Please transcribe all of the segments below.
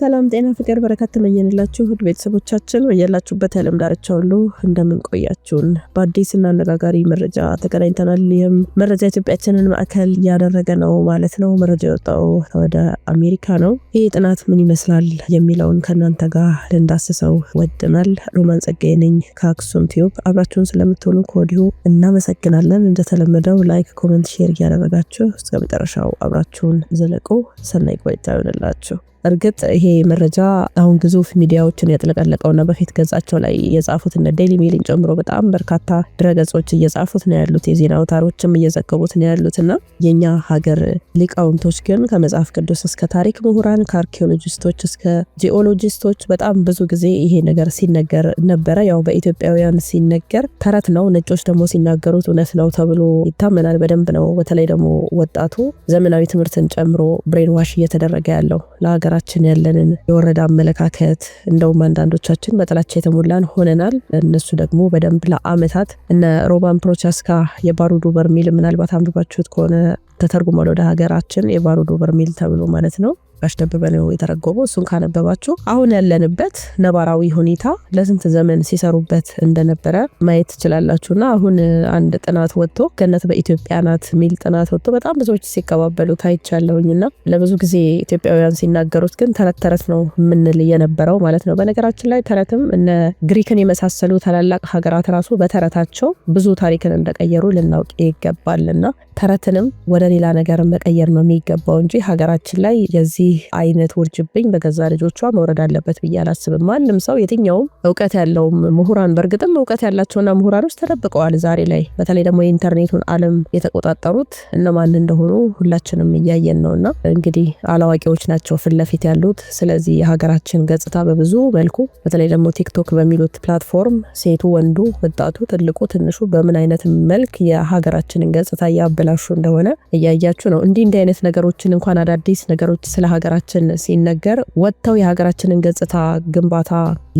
ሰላም ጤና ፍቅር በረከት ተመኘንላችሁ ውድ ቤተሰቦቻችን ወያላችሁበት ያለም ዳርቻ ሁሉ እንደምንቆያችሁን በአዲስና አነጋጋሪ መረጃ ተገናኝተናል። ይህም መረጃ ኢትዮጵያችንን ማዕከል እያደረገ ነው ማለት ነው። መረጃ የወጣው ወደ አሜሪካ ነው። ይህ ጥናት ምን ይመስላል የሚለውን ከእናንተ ጋር ልንዳስሰው ወድናል። ሮማን ጸጋ ነኝ ከአክሱም ቲዩብ። አብራችሁን ስለምትሆኑ ከወዲሁ እናመሰግናለን። እንደተለመደው ላይክ፣ ኮመንት፣ ሼር እያደረጋችሁ እስከ መጨረሻው አብራችሁን ዘለቁ። ሰናይ ቆይታ ይሆንላችሁ። እርግጥ ይሄ መረጃ አሁን ግዙፍ ሚዲያዎችን ያጥለቀለቀውና በፊት ገጻቸው ላይ የጻፉት እነ ዴይሊ ሜልን ጨምሮ በጣም በርካታ ድረገጾች እየጻፉት ነው ያሉት፣ የዜና አውታሮችም እየዘገቡት ነው ያሉት የእኛ ሀገር ሊቃውንቶች ግን ከመጽሐፍ ቅዱስ እስከ ታሪክ ምሁራን ከአርኪኦሎጂስቶች እስከ ጂኦሎጂስቶች በጣም ብዙ ጊዜ ይሄ ነገር ሲነገር ነበረ። ያው በኢትዮጵያውያን ሲነገር ተረት ነው፣ ነጮች ደግሞ ሲናገሩት እውነት ነው ተብሎ ይታመናል። በደንብ ነው። በተለይ ደግሞ ወጣቱ ዘመናዊ ትምህርትን ጨምሮ ብሬን ዋሽ እየተደረገ ያለው ለሀገር በሀገራችን ያለንን የወረደ አመለካከት እንደውም አንዳንዶቻችን በጥላቻ የተሞላን ሆነናል። እነሱ ደግሞ በደንብ ለአመታት እነ ሮባን ፕሮቻስካ የባሩዱ በርሚል ምናልባት አንብባችሁት ከሆነ ተተርጉሟል ወደ ሀገራችን የባሩዶ በርሚል ተብሎ ማለት ነው። አሽነብበ ነው የተረጎመው። እሱን ካነበባችሁ አሁን ያለንበት ነባራዊ ሁኔታ ለስንት ዘመን ሲሰሩበት እንደነበረ ማየት ትችላላችሁና አሁን አንድ ጥናት ወጥቶ ገነት በኢትዮጵያ ናት የሚል ጥናት ወጥቶ በጣም ብዙዎች ሲቀባበሉ ታይቻለሁኝና ለብዙ ጊዜ ኢትዮጵያውያን ሲናገሩት ግን ተረት ተረት ነው የምንል የነበረው ማለት ነው። በነገራችን ላይ ተረትም እነ ግሪክን የመሳሰሉ ታላላቅ ሀገራት ራሱ በተረታቸው ብዙ ታሪክን እንደቀየሩ ልናውቅ ይገባልና ተረትንም ወደ ሌላ ነገር መቀየር ነው የሚገባው እንጂ ሀገራችን ላይ የዚህ አይነት ውርጅብኝ በገዛ ልጆቿ መውረድ አለበት ብዬ አላስብም። ማንም ሰው የትኛውም እውቀት ያለውም ምሁራን በእርግጥም እውቀት ያላቸውና ምሁራኖች ተደብቀዋል ዛሬ ላይ በተለይ ደግሞ የኢንተርኔቱን ዓለም የተቆጣጠሩት እነማን እንደሆኑ ሁላችንም እያየን እና እንግዲህ አላዋቂዎች ናቸው ፊት ለፊት ያሉት። ስለዚህ የሀገራችን ገጽታ በብዙ መልኩ በተለይ ደግሞ ቲክቶክ በሚሉት ፕላትፎርም ሴቱ፣ ወንዱ፣ ወጣቱ፣ ትልቁ፣ ትንሹ በምን አይነት መልክ የሀገራችንን ገጽታ እያበላ? እየተበላሹ እንደሆነ እያያችሁ ነው። እንዲህ እንዲህ አይነት ነገሮችን እንኳን አዳዲስ ነገሮች ስለ ሀገራችን ሲነገር ወጥተው የሀገራችንን ገጽታ ግንባታ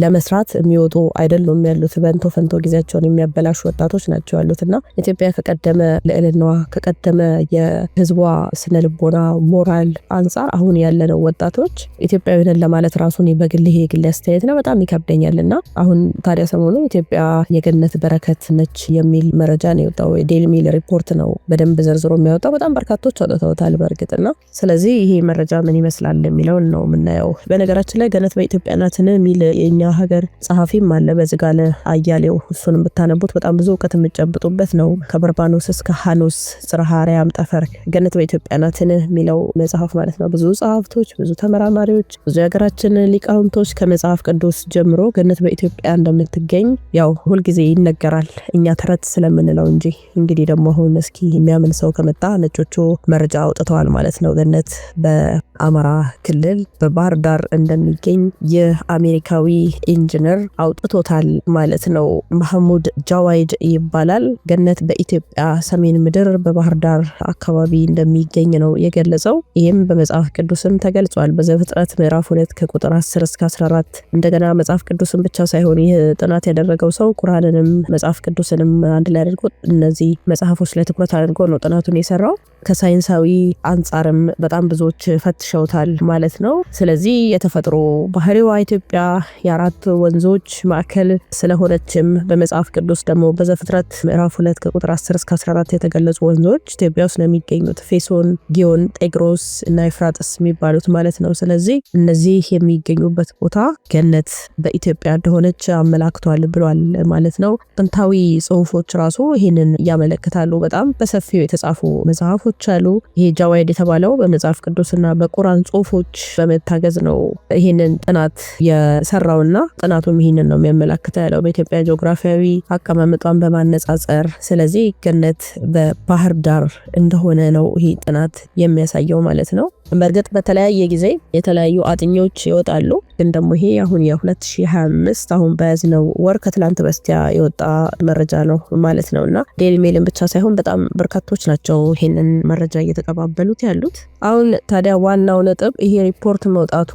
ለመስራት የሚወጡ አይደሉም ያሉት በንቶ ፈንቶ ጊዜያቸውን የሚያበላሹ ወጣቶች ናቸው ያሉት እና ኢትዮጵያ ከቀደመ ልዕልናዋ ከቀደመ የህዝቧ ስነ ልቦና ሞራል አንጻር አሁን ያለነው ወጣቶች ኢትዮጵያዊንን ለማለት ራሱን በግል ይሄ ግል አስተያየት ነው በጣም ይከብደኛል። እና አሁን ታዲያ ሰሞኑ ኢትዮጵያ የገነት በረከት ነች የሚል መረጃ ነው የወጣው። ዴይሊ ሜል ሪፖርት ነው በደንብ በደንብ ዘርዝሮ የሚያወጣው በጣም በርካቶች አውጥተውታል። በእርግጥና ስለዚህ ይሄ መረጃ ምን ይመስላል የሚለውን ነው የምናየው። በነገራችን ላይ ገነት በኢትዮጵያ ናትን የሚል የእኛ ሀገር ጸሐፊም አለ በዝጋለ አያሌው። እሱን ብታነቡት በጣም ብዙ እውቀት የምጨብጡበት ነው። ከበርባኖስ እስከ ሀኖስ ጽርሐ ጠፈር ገነት በኢትዮጵያ ናትን የሚለው መጽሐፍ ማለት ነው። ብዙ ጸሐፍቶች፣ ብዙ ተመራማሪዎች፣ ብዙ የሀገራችን ሊቃውንቶች ከመጽሐፍ ቅዱስ ጀምሮ ገነት በኢትዮጵያ እንደምትገኝ ያው ሁልጊዜ ይነገራል እኛ ተረት ስለምንለው እንጂ እንግዲህ ደግሞ አሁን እስኪ የሚያምን ሰው ከመጣ ነጮቹ መረጃ አውጥተዋል ማለት ነው። ገነት በአማራ ክልል በባህር ዳር እንደሚገኝ የአሜሪካዊ ኢንጂነር አውጥቶታል ማለት ነው። ማህሙድ ጃዋይድ ይባላል። ገነት በኢትዮጵያ ሰሜን ምድር በባህር ዳር አካባቢ እንደሚገኝ ነው የገለጸው። ይህም በመጽሐፍ ቅዱስም ተገልጿል። በዘፍጥረት ምዕራፍ ሁለት ከቁጥር 10 እስከ 14። እንደገና መጽሐፍ ቅዱስን ብቻ ሳይሆን ይህ ጥናት ያደረገው ሰው ቁርአንንም መጽሐፍ ቅዱስንም አንድ ላይ አድርጎ እነዚህ መጽሐፎች ላይ ትኩረት አድርጎ ነው ጥናቱን የሰራው። ከሳይንሳዊ አንጻርም በጣም ብዙዎች ፈትሸውታል ማለት ነው። ስለዚህ የተፈጥሮ ባህሪዋ ኢትዮጵያ የአራት ወንዞች ማዕከል ስለሆነችም በመጽሐፍ ቅዱስ ደግሞ በዘፍጥረት ምዕራፍ ሁለት ከቁጥር 10 እስከ 14 የተገለጹ ወንዞች ኢትዮጵያ ውስጥ ነው የሚገኙት። ፌሶን፣ ጊዮን፣ ጤግሮስ እና ኤፍራጥስ የሚባሉት ማለት ነው። ስለዚህ እነዚህ የሚገኙበት ቦታ ገነት በኢትዮጵያ እንደሆነች አመላክቷል ብሏል ማለት ነው። ጥንታዊ ጽሁፎች ራሱ ይህንን እያመለክታሉ። በጣም በሰፊ የተጻፉ መጽሐፎች አሉ። ይሄ ጃዋይድ የተባለው በመጽሐፍ ቅዱስና በቁራን ጽሁፎች በመታገዝ ነው ይህንን ጥናት የሰራውና ጥናቱም ይህንን ነው የሚያመላክተው ያለው በኢትዮጵያ ጂኦግራፊያዊ አቀማመጧን በማነጻጸር ስለዚህ ገነት በባህር ዳር እንደሆነ ነው ይህ ጥናት የሚያሳየው ማለት ነው። በእርግጥ በተለያየ ጊዜ የተለያዩ አጥኚዎች ይወጣሉ። ግን ደግሞ ይሄ አሁን የ2025 አሁን በያዝነው ወር ከትላንት በስቲያ የወጣ መረጃ ነው ማለት ነው እና ዴይሊ ሜልን ብቻ ሳይሆን በጣም በርካቶች ናቸው ይሄንን መረጃ እየተቀባበሉት ያሉት። አሁን ታዲያ ዋናው ነጥብ ይሄ ሪፖርት መውጣቱ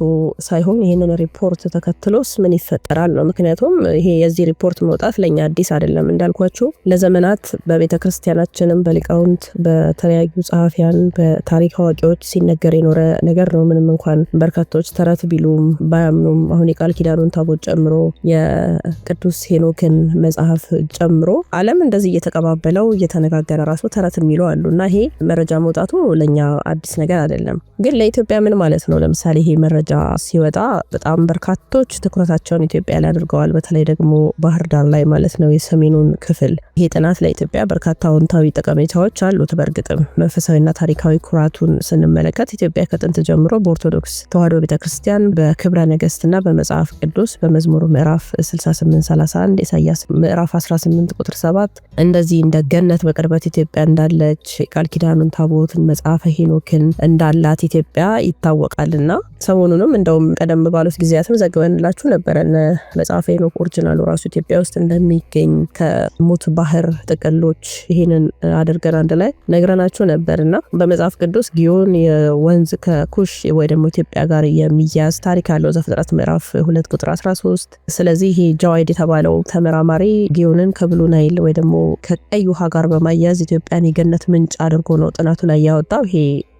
ሳይሆን ይሄንን ሪፖርት ተከትሎስ ምን ይፈጠራል ነው። ምክንያቱም ይሄ የዚህ ሪፖርት መውጣት ለእኛ አዲስ አይደለም። እንዳልኳችሁ ለዘመናት በቤተ ክርስቲያናችንም በሊቃውንት በተለያዩ ጸሐፊያን በታሪክ አዋቂዎች ሲነገር የኖረ ነገር ነው። ምንም እንኳን በርካቶች ተረት ቢሉም ባያምኑም አሁን የቃል ኪዳኑን ታቦት ጨምሮ የቅዱስ ሄኖክን መጽሐፍ ጨምሮ ዓለም እንደዚህ እየተቀባበለው እየተነጋገረ ራሱ ተረት የሚለው አሉ እና ይሄ መረጃ መውጣቱ ለእኛ አዲስ ነገር አይደለም። ግን ለኢትዮጵያ ምን ማለት ነው? ለምሳሌ ይሄ መረጃ ሲወጣ በጣም በርካቶች ትኩረታቸውን ኢትዮጵያ ላይ አድርገዋል። በተለይ ደግሞ ባህር ዳር ላይ ማለት ነው የሰሜኑን ክፍል። ይሄ ጥናት ለኢትዮጵያ በርካታ አዎንታዊ ጠቀሜታዎች አሉት። በእርግጥም መንፈሳዊና ታሪካዊ ኩራቱን ስንመለከት ኢትዮጵያ ከጥንት ጀምሮ በኦርቶዶክስ ተዋሕዶ ቤተክርስቲያን በክብረ ነገስትና በመጽሐፍ ቅዱስ በመዝሙሩ ምዕራፍ 6831 ኢሳያስ ምዕራፍ 18 ቁጥር 7 እንደዚህ እንደ ገነት በቅርበት ኢትዮጵያ እንዳለች ቃል ኪዳኑን ታቦትን መጽሐፈ ሄኖክን እንዳላት ኢትዮጵያ ይታወቃልና ሰሞኑንም እንደውም ቀደም ባሉት ጊዜያትም ዘግበንላችሁ ነበረ መጽሐፈ ሄኖክ ኦሪጂናሉ ራሱ ኢትዮጵያ ውስጥ እንደሚገኝ ከሙት ባህር ጥቅሎች ይህንን አድርገን አንድ ላይ ነግረናችሁ ነበርና በመጽሐፍ ቅዱስ ጊዮን ወንዝ ከኩሽ ወይ ደግሞ ኢትዮጵያ ጋር የሚያዝ ታሪክ ያለው ዘፍጥረት ምዕራፍ ሁለት ቁጥር 13። ስለዚህ ይሄ ጃዋይድ የተባለው ተመራማሪ ጊዮንን ከብሉ ናይል ወይ ደግሞ ከቀይ ውሃ ጋር በማያዝ ኢትዮጵያን የገነት ምንጭ አድርጎ ነው ጥናቱ ላይ ያወጣው። ይሄ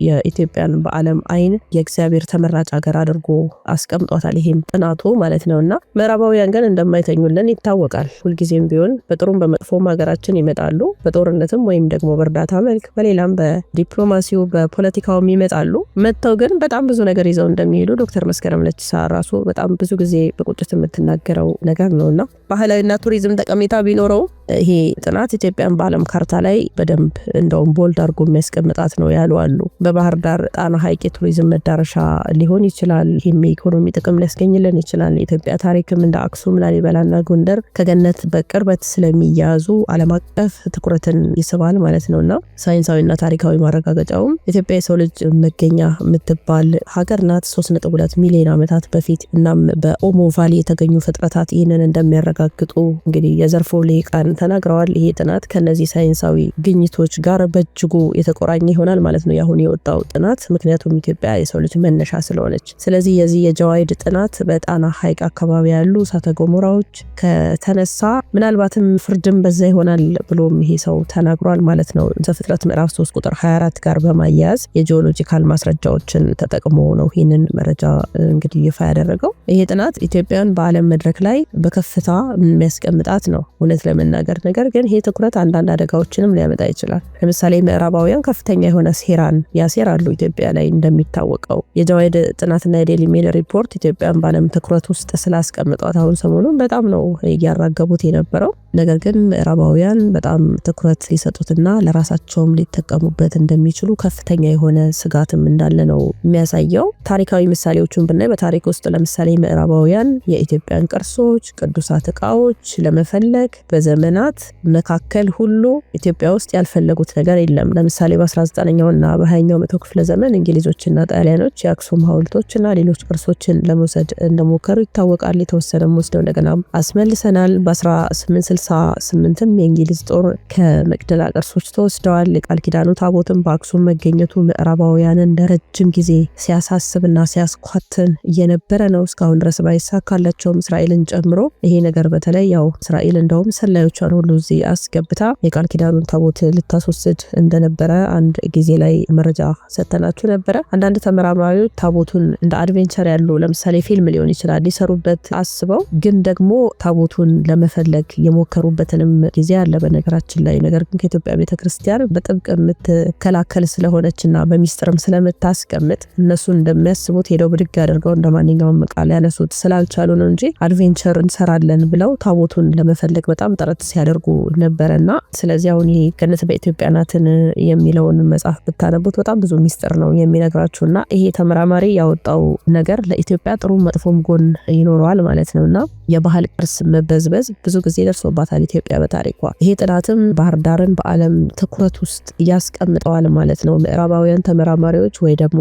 የኢትዮጵያን በአለም አይን የእግዚአብሔር ተመራጭ ሀገር አድርጎ አስቀምጧታል። ይሄም ጥናቱ ማለት ነው እና ምዕራባውያን ግን እንደማይተኙልን ይታወቃል። ሁልጊዜም ቢሆን በጥሩም በመጥፎም ሀገራችን ይመጣሉ። በጦርነትም ወይም ደግሞ በእርዳታ መልክ በሌላም በዲፕሎማሲው በፖለቲካውም ይመጣሉ። መጥተው ግን በጣም ብዙ ነገር ይዘው እንደሚሄዱ ዶክተር መስከረም ለቺሳ ራሱ በጣም ብዙ ጊዜ በቁጭት የምትናገረው ነገር ነውና ባህላዊና ቱሪዝም ጠቀሜታ ቢኖረው ይሄ ጥናት ኢትዮጵያን በዓለም ካርታ ላይ በደንብ እንደውም ቦልድ አድርጎ የሚያስቀምጣት ነው ያሉ አሉ። በባህር ዳር ጣና ሐይቅ የቱሪዝም መዳረሻ ሊሆን ይችላል። ይህም የኢኮኖሚ ጥቅም ሊያስገኝልን ይችላል። የኢትዮጵያ ታሪክም እንደ አክሱም፣ ላሊበላና ጎንደር ከገነት በቅርበት ስለሚያያዙ ዓለም አቀፍ ትኩረትን ይስባል ማለት ነውና ሳይንሳዊና ታሪካዊ ማረጋገጫውም ኢትዮጵያ የሰው ልጅ መገኛ የምትባል ሀገር ናት። 3.2 ሚሊዮን ዓመታት በፊት እናም በኦሞ ቫሊ የተገኙ ፍጥረታት ይህንን እንደሚያረጋግጡ እንግዲህ የዘርፎ ልሂቃን ዳይሬክተርም ተናግረዋል። ይሄ ጥናት ከነዚህ ሳይንሳዊ ግኝቶች ጋር በእጅጉ የተቆራኘ ይሆናል ማለት ነው ያሁን የወጣው ጥናት ምክንያቱም ኢትዮጵያ የሰው ልጅ መነሻ ስለሆነች። ስለዚህ የዚህ የጀዋይድ ጥናት በጣና ሐይቅ አካባቢ ያሉ እሳተ ገሞራዎች ከተነሳ ምናልባትም ፍርድም በዛ ይሆናል ብሎም ይሄ ሰው ተናግሯል ማለት ነው። ዘፍጥረት ምዕራፍ 3 ቁጥር 24 ጋር በማያያዝ የጂኦሎጂካል ማስረጃዎችን ተጠቅሞ ነው ይህንን መረጃ እንግዲህ ይፋ ያደረገው። ይሄ ጥናት ኢትዮጵያን በዓለም መድረክ ላይ በከፍታ የሚያስቀምጣት ነው እውነት ለመናገር ነገር ነገር ግን ይህ ትኩረት አንዳንድ አደጋዎችንም ሊያመጣ ይችላል። ለምሳሌ ምዕራባውያን ከፍተኛ የሆነ ሴራን ያሴራሉ ኢትዮጵያ ላይ እንደሚታወቀው የጀዋይድ ጥናትና የዴሊ ሜል ሪፖርት ኢትዮጵያን በዓለም ትኩረት ውስጥ ስላስቀምጧት አሁን ሰሞኑን በጣም ነው እያራገቡት የነበረው። ነገር ግን ምዕራባውያን በጣም ትኩረት ሊሰጡትና ለራሳቸውም ሊጠቀሙበት እንደሚችሉ ከፍተኛ የሆነ ስጋትም እንዳለ ነው የሚያሳየው። ታሪካዊ ምሳሌዎቹን ብናይ በታሪክ ውስጥ ለምሳሌ ምዕራባውያን የኢትዮጵያን ቅርሶች፣ ቅዱሳት እቃዎች ለመፈለግ በዘመናት መካከል ሁሉ ኢትዮጵያ ውስጥ ያልፈለጉት ነገር የለም። ለምሳሌ በ19ኛውና በ20ኛው መቶ ክፍለ ዘመን እንግሊዞችና ጣሊያኖች የአክሱም ሐውልቶችና ሌሎች ቅርሶችን ለመውሰድ እንደሞከሩ ይታወቃል። የተወሰነም ወስደው እንደገና አስመልሰናል በ18 38ም የእንግሊዝ ጦር ከመቅደላ ቅርሶች ተወስደዋል። የቃል ኪዳኑ ታቦትን በአክሱም መገኘቱ ምዕራባውያንን ለረጅም ጊዜ ሲያሳስብና ሲያስኳትን እየነበረ ነው። እስካሁን ድረስ ባይሳካላቸውም እስራኤልን ጨምሮ ይሄ ነገር በተለይ ያው እስራኤል እንደውም ሰላዮቿን ሁሉ እዚህ አስገብታ የቃል ኪዳኑን ታቦት ልታስወስድ እንደነበረ አንድ ጊዜ ላይ መረጃ ሰተናችሁ ነበረ። አንዳንድ ተመራማሪዎች ታቦቱን እንደ አድቬንቸር ያሉ ለምሳሌ ፊልም ሊሆን ይችላል ሊሰሩበት አስበው ግን ደግሞ ታቦቱን ለመፈለግ የሞከ የሚመከሩበትንም ጊዜ አለ። በነገራችን ላይ ነገር ግን ከኢትዮጵያ ቤተክርስቲያን በጥብቅ የምትከላከል ስለሆነችና በሚስጥርም ስለምታስቀምጥ እነሱ እንደሚያስቡት ሄደው ብድግ አድርገው እንደ ማንኛውም እቃ ሊያነሱት ስላልቻሉ ነው እንጂ አድቬንቸር እንሰራለን ብለው ታቦቱን ለመፈለግ በጣም ጥረት ሲያደርጉ ነበረና ስለዚህ አሁን ይሄ ገነት በኢትዮጵያ ናትን የሚለውን መጽሐፍ ብታነቡት በጣም ብዙ ሚስጥር ነው የሚነግራችሁና ይሄ ተመራማሪ ያወጣው ነገር ለኢትዮጵያ ጥሩ መጥፎም ጎን ይኖረዋል ማለት ነውና የባህል ቅርስ መበዝበዝ ብዙ ጊዜ ደርሶባል አድርጓታል ኢትዮጵያ በታሪኳ። ይሄ ጥናትም ባህር ዳርን በዓለም ትኩረት ውስጥ ያስቀምጠዋል ማለት ነው። ምዕራባውያን ተመራማሪዎች ወይ ደግሞ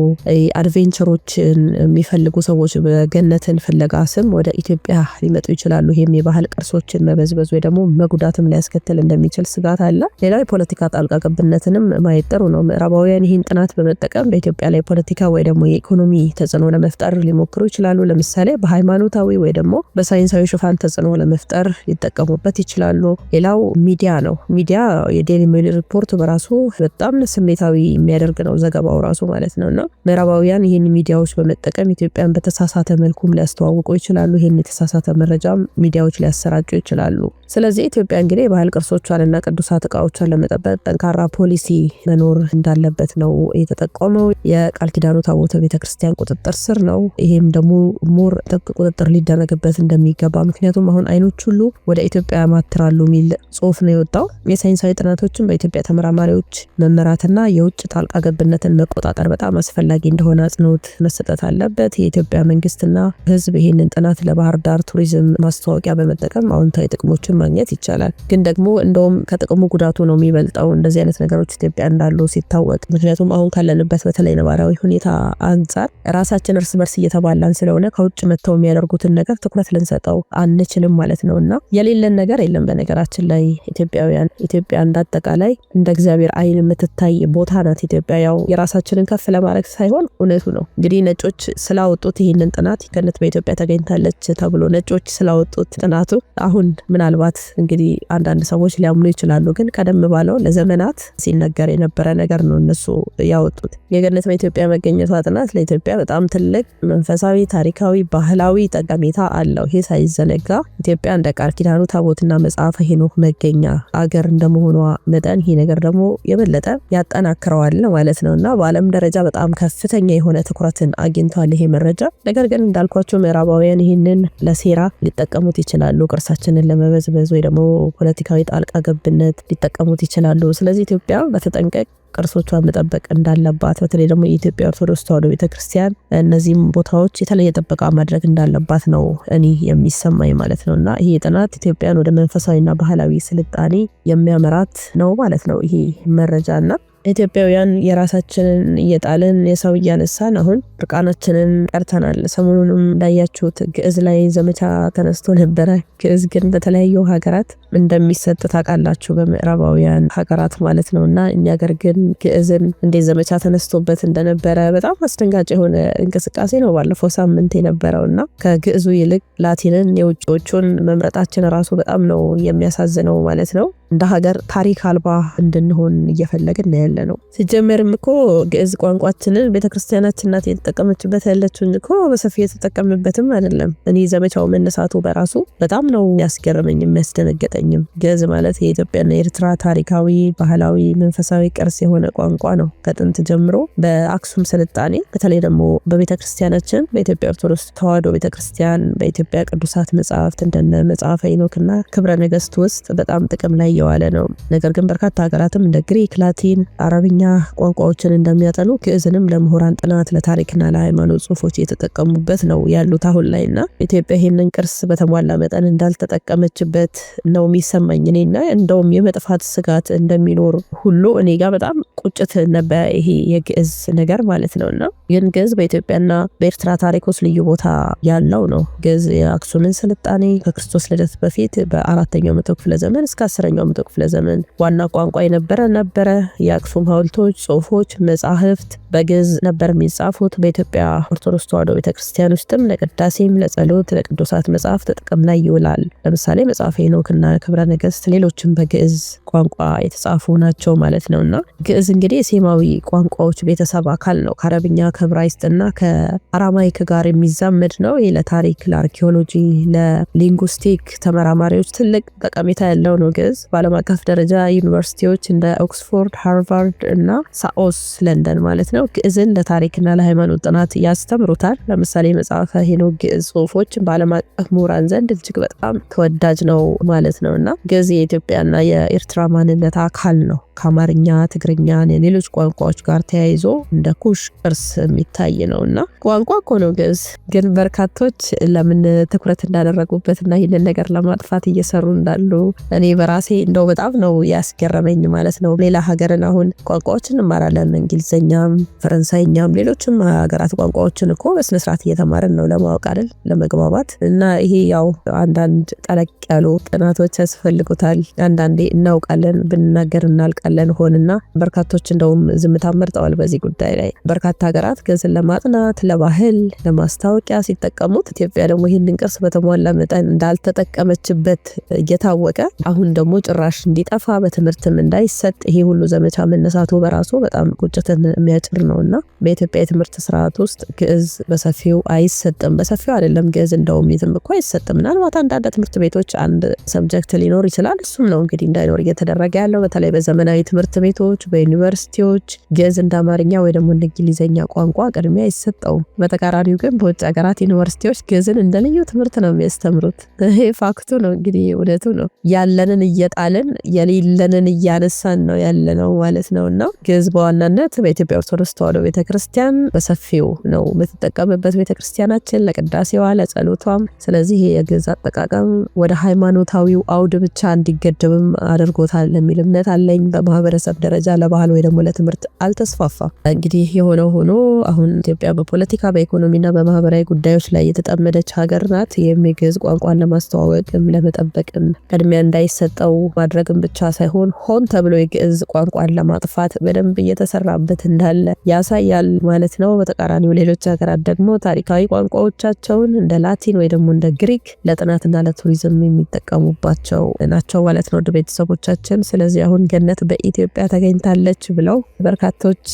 አድቬንቸሮችን የሚፈልጉ ሰዎች በገነትን ፍለጋ ስም ወደ ኢትዮጵያ ሊመጡ ይችላሉ። ይህም የባህል ቅርሶችን መበዝበዝ ወይ ደግሞ መጉዳትም ሊያስከትል እንደሚችል ስጋት አለ። ሌላው የፖለቲካ ጣልቃ ገብነትንም ማየት ጥሩ ነው። ምዕራባውያን ይህን ጥናት በመጠቀም በኢትዮጵያ ላይ ፖለቲካ ወይ ደግሞ የኢኮኖሚ ተጽዕኖ ለመፍጠር ሊሞክሩ ይችላሉ። ለምሳሌ በሃይማኖታዊ ወይ ደግሞ በሳይንሳዊ ሽፋን ተጽዕኖ ለመፍጠር ሊጠቀሙበት ይችላሉ። ሌላው ሚዲያ ነው። ሚዲያ የዴሊ ሜል ሪፖርት በራሱ በጣም ስሜታዊ የሚያደርግ ነው፣ ዘገባው ራሱ ማለት ነው እና ምዕራባውያን ይህን ሚዲያዎች በመጠቀም ኢትዮጵያን በተሳሳተ መልኩም ሊያስተዋውቁ ይችላሉ። ይህን የተሳሳተ መረጃም ሚዲያዎች ሊያሰራጩ ይችላሉ። ስለዚህ ኢትዮጵያ እንግዲህ የባህል ቅርሶቿንና ቅዱሳት እቃዎቿን ለመጠበቅ ጠንካራ ፖሊሲ መኖር እንዳለበት ነው የተጠቆመው። የቃል ኪዳኑ ታቦተ ቤተክርስቲያን ቁጥጥር ስር ነው። ይሄም ደግሞ ሞር ጥብቅ ቁጥጥር ሊደረግበት እንደሚገባ ምክንያቱም አሁን አይኖች ሁሉ ወደ ኢትዮጵያ ማትራሉ የሚል ጽሁፍ ነው የወጣው። የሳይንሳዊ ጥናቶችን በኢትዮጵያ ተመራማሪዎች መመራትና የውጭ ጣልቃ ገብነትን መቆጣጠር በጣም አስፈላጊ እንደሆነ አጽንኦት መሰጠት አለበት። የኢትዮጵያ መንግስትና ህዝብ ይህንን ጥናት ለባህር ዳር ቱሪዝም ማስታወቂያ በመጠቀም አዎንታዊ ጥቅሞችን ማግኘት ይቻላል። ግን ደግሞ እንደውም ከጥቅሙ ጉዳቱ ነው የሚበልጠው እንደዚህ አይነት ነገሮች ኢትዮጵያ እንዳሉ ሲታወቅ። ምክንያቱም አሁን ካለንበት በተለይ ነባራዊ ሁኔታ አንጻር ራሳችን እርስ በርስ እየተባላን ስለሆነ ከውጭ መጥተው የሚያደርጉትን ነገር ትኩረት ልንሰጠው አንችልም ማለት ነው እና የሌለን ነገር የለም። በነገራችን ላይ ኢትዮጵያውያን ኢትዮጵያ እንዳጠቃላይ እንደ እግዚአብሔር አይን የምትታይ ቦታ ናት። ኢትዮጵያ ያው የራሳችንን ከፍ ለማድረግ ሳይሆን እውነቱ ነው እንግዲህ ነጮች ስላወጡት ይህንን ጥናት ከነት በኢትዮጵያ ተገኝታለች ተብሎ ነጮች ስላወጡት ጥናቱ አሁን ምናልባት ምናልባት እንግዲህ አንዳንድ ሰዎች ሊያምኑ ይችላሉ። ግን ቀደም ባለው ለዘመናት ሲነገር የነበረ ነገር ነው እነሱ ያወጡት። የገነት በኢትዮጵያ መገኘቷ ጥናት ለኢትዮጵያ በጣም ትልቅ መንፈሳዊ፣ ታሪካዊ፣ ባህላዊ ጠቀሜታ አለው። ይህ ሳይዘነጋ ኢትዮጵያ እንደ ቃል ኪዳኑ ታቦትና መጽሐፈ ሄኖክ መገኛ አገር እንደመሆኗ መጠን ይሄ ነገር ደግሞ የበለጠ ያጠናክረዋል ማለት ነው እና በዓለም ደረጃ በጣም ከፍተኛ የሆነ ትኩረትን አግኝቷል ይሄ መረጃ። ነገር ግን እንዳልኳቸው ምዕራባውያን ይህንን ለሴራ ሊጠቀሙት ይችላሉ ቅርሳችንን ለመበዝ መበዝበዝ ወይ ደግሞ ፖለቲካዊ ጣልቃ ገብነት ሊጠቀሙት ይችላሉ። ስለዚህ ኢትዮጵያ በተጠንቀቅ ቅርሶቿን መጠበቅ እንዳለባት በተለይ ደግሞ የኢትዮጵያ ኦርቶዶክስ ተዋሕዶ ቤተክርስቲያን እነዚህም ቦታዎች የተለየ ጥበቃ ማድረግ እንዳለባት ነው እኔ የሚሰማኝ ማለት ነው። እና ይሄ ጥናት ኢትዮጵያን ወደ መንፈሳዊና ባህላዊ ስልጣኔ የሚያመራት ነው ማለት ነው ይሄ መረጃ እና ኢትዮጵያውያን የራሳችንን እየጣልን የሰው እያነሳን አሁን እርቃናችንን ቀርተናል። ሰሞኑንም እንዳያችሁት ግዕዝ ላይ ዘመቻ ተነስቶ ነበረ። ግዕዝ ግን በተለያዩ ሀገራት እንደሚሰጥ ታውቃላችሁ፣ በምዕራባውያን ሀገራት ማለት ነው። እና እኛ ገር ግን ግዕዝን እንዴት ዘመቻ ተነስቶበት እንደነበረ በጣም አስደንጋጭ የሆነ እንቅስቃሴ ነው ባለፈው ሳምንት የነበረው እና ከግዕዙ ይልቅ ላቲንን የውጭዎቹን መምረጣችን ራሱ በጣም ነው የሚያሳዝነው ማለት ነው። እንደ ሀገር ታሪክ አልባ እንድንሆን እየፈለግን ነው ያለ ነው። ሲጀመርም እኮ ግዕዝ ቋንቋችንን ቤተክርስቲያናችን ናት የተጠቀመችበት ያለችን እኮ በሰፊ የተጠቀምበትም አይደለም። እኔ ዘመቻው መነሳቱ በራሱ በጣም ነው ያስገረመኝ ያስደነገጠኝም። ግዕዝ ማለት የኢትዮጵያና ኤርትራ ታሪካዊ፣ ባህላዊ፣ መንፈሳዊ ቅርስ የሆነ ቋንቋ ነው። ከጥንት ጀምሮ በአክሱም ስልጣኔ በተለይ ደግሞ በቤተክርስቲያናችን በኢትዮጵያ ኦርቶዶክስ ተዋሕዶ ቤተክርስቲያን በኢትዮጵያ ቅዱሳት መጽሐፍት እንደነ መጽሐፈ ሄኖክና ክብረ ነገስት ውስጥ በጣም ጥቅም ላይ እየዋለ ነው። ነገር ግን በርካታ ሀገራትም እንደ ግሪክ፣ ላቲን፣ አረብኛ ቋንቋዎችን እንደሚያጠኑ ግዕዝንም ለምሁራን ጥናት፣ ለታሪክና ለሃይማኖት ጽሁፎች እየተጠቀሙበት ነው ያሉት አሁን ላይ እና ኢትዮጵያ ይህንን ቅርስ በተሟላ መጠን እንዳልተጠቀመችበት ነው የሚሰማኝ እኔና እንደውም የመጥፋት ስጋት እንደሚኖር ሁሉ እኔ ጋር በጣም ቁጭት ነበር ይሄ የግዕዝ ነገር ማለት ነው እና ግን ግዕዝ በኢትዮጵያና በኤርትራ ታሪክ ውስጥ ልዩ ቦታ ያለው ነው። ግዕዝ የአክሱምን ስልጣኔ ከክርስቶስ ልደት በፊት በአራተኛው መቶ ክፍለ ዘመን እስከ አስረኛው በአስራአምስቱ ክፍለ ዘመን ዋና ቋንቋ የነበረ ነበረ። የአክሱም ሐውልቶች፣ ጽሁፎች፣ መጻሕፍት በግዕዝ ነበር የሚጻፉት። በኢትዮጵያ ኦርቶዶክስ ተዋሕዶ ቤተክርስቲያን ውስጥም ለቅዳሴም፣ ለጸሎት፣ ለቅዱሳት መጽሐፍ ጥቅም ላይ ይውላል። ለምሳሌ መጽሐፈ ሄኖክና ክብረ ነገሥት ሌሎችም በግዕዝ ቋንቋ የተጻፉ ናቸው ማለት ነው እና ግዕዝ እንግዲህ የሴማዊ ቋንቋዎች ቤተሰብ አካል ነው። ከአረብኛ ከዕብራይስጥና ከአራማይክ ጋር የሚዛመድ ነው። ይህ ለታሪክ፣ ለአርኪኦሎጂ፣ ለሊንጉስቲክ ተመራማሪዎች ትልቅ ጠቀሜታ ያለው ነው ግዕዝ በዓለም አቀፍ ደረጃ ዩኒቨርሲቲዎች እንደ ኦክስፎርድ፣ ሃርቫርድ እና ሳኦስ ለንደን ማለት ነው ግዕዝን ለታሪክና ለሃይማኖት ጥናት ያስተምሩታል። ለምሳሌ መጽሐፈ ሄኖክ ግዕዝ ጽሁፎች በዓለም አቀፍ ምሁራን ዘንድ እጅግ በጣም ተወዳጅ ነው ማለት ነው እና ግዕዝ የኢትዮጵያና የኤርትራ ማንነት አካል ነው። ከአማርኛ ትግርኛን፣ የሌሎች ቋንቋዎች ጋር ተያይዞ እንደ ኩሽ ቅርስ የሚታይ ነው እና ቋንቋ እኮ ነው ግዕዝ። ግን በርካቶች ለምን ትኩረት እንዳደረጉበት እና ይህንን ነገር ለማጥፋት እየሰሩ እንዳሉ እኔ በራሴ እንደው በጣም ነው ያስገረመኝ ማለት ነው። ሌላ ሀገርን አሁን ቋንቋዎችን እንማራለን፣ እንግሊዝኛም፣ ፈረንሳይኛም ሌሎችም ሀገራት ቋንቋዎችን እኮ በስነስርዓት እየተማርን ነው ለማወቅ አይደል ለመግባባት እና ይሄ ያው አንዳንድ ጠለቅ ያሉ ጥናቶች ያስፈልጉታል። አንዳንዴ እናውቃለን ብንናገር እናልቃለን ሆንና በርካቶች እንደውም ዝምታ መርጠዋል በዚህ ጉዳይ ላይ በርካታ ሀገራት ገዝን ለማጥናት ለባህል ለማስታወቂያ ሲጠቀሙት ኢትዮጵያ ደግሞ ይህንን ቅርስ በተሟላ መጠን እንዳልተጠቀመችበት እየታወቀ አሁን ደግሞ ጭራሽ እንዲጠፋ በትምህርትም እንዳይሰጥ ይሄ ሁሉ ዘመቻ መነሳቱ በራሱ በጣም ቁጭትን የሚያጭር ነው እና በኢትዮጵያ የትምህርት ስርዓት ውስጥ ግዕዝ በሰፊው አይሰጥም። በሰፊው አይደለም ግዕዝ እንደውም የትም እኮ አይሰጥም። ምናልባት አንዳንድ ትምህርት ቤቶች አንድ ሰብጀክት ሊኖር ይችላል። እሱም ነው እንግዲህ እንዳይኖር እየተደረገ ያለው በተለይ በዘመናዊ ትምህርት ቤቶች፣ በዩኒቨርሲቲዎች ግዕዝ እንደ አማርኛ ወይ ደግሞ እንደ እንግሊዝኛ ቋንቋ ቅድሚያ አይሰጠውም። በተቃራኒው ግን በውጭ ሀገራት ዩኒቨርሲቲዎች ግዕዝን እንደ ልዩ ትምህርት ነው የሚያስተምሩት። ይሄ ፋክቱ ነው እንግዲህ እውነቱ ነው ያለንን እየጣ አለን የሌለንን እያነሳን ነው ያለነው ማለት ነው እና ግዕዝ በዋናነት በኢትዮጵያ ኦርቶዶክስ ተዋሕዶ ቤተክርስቲያን በሰፊው ነው የምትጠቀምበት ቤተክርስቲያናችን ለቅዳሴዋ፣ ለጸሎቷም። ስለዚህ የግዕዝ አጠቃቀም ወደ ሃይማኖታዊው አውድ ብቻ እንዲገደብም አድርጎታል የሚል እምነት አለኝ። በማህበረሰብ ደረጃ ለባህል ወይ ደግሞ ለትምህርት አልተስፋፋም። እንግዲህ የሆነ ሆኖ አሁን ኢትዮጵያ በፖለቲካ በኢኮኖሚና በማህበራዊ ጉዳዮች ላይ የተጠመደች ሀገር ናት። ይህም የግዕዝ ቋንቋን ለማስተዋወቅም ለመጠበቅም ቅድሚያ እንዳይሰጠው ማድረግን ብቻ ሳይሆን ሆን ተብሎ የግዕዝ ቋንቋን ለማጥፋት በደንብ እየተሰራበት እንዳለ ያሳያል ማለት ነው። በተቃራኒው ሌሎች ሀገራት ደግሞ ታሪካዊ ቋንቋዎቻቸውን እንደ ላቲን ወይ ደግሞ እንደ ግሪክ ለጥናትና ለቱሪዝም የሚጠቀሙባቸው ናቸው ማለት ነው። ቤተሰቦቻችን፣ ስለዚህ አሁን ገነት በኢትዮጵያ ተገኝታለች ብለው በርካቶች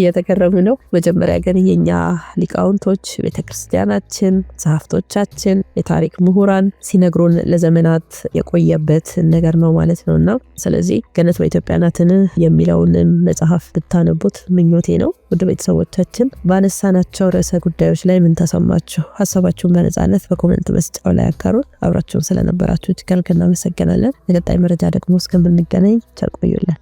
እየተገረሙ ነው። መጀመሪያ ግን የኛ ሊቃውንቶች፣ ቤተክርስቲያናችን፣ መጽሐፍቶቻችን፣ የታሪክ ምሁራን ሲነግሩን ለዘመናት የቆየበት ነገር ነው ነው ማለት ነው። እና ስለዚህ ገነት በኢትዮጵያ ናትን የሚለውን መጽሐፍ ብታነቡት ምኞቴ ነው። ውድ ቤተሰቦቻችን በአነሳናቸው ርዕሰ ጉዳዮች ላይ ምን ተሰማችሁ? ሀሳባችሁን በነጻነት በኮመንት መስጫው ላይ አጋሩን። አብራችሁን ስለነበራችሁ ችጋልግ እናመሰግናለን። በቀጣይ መረጃ ደግሞ እስከምንገናኝ ቸር ቆዩልን።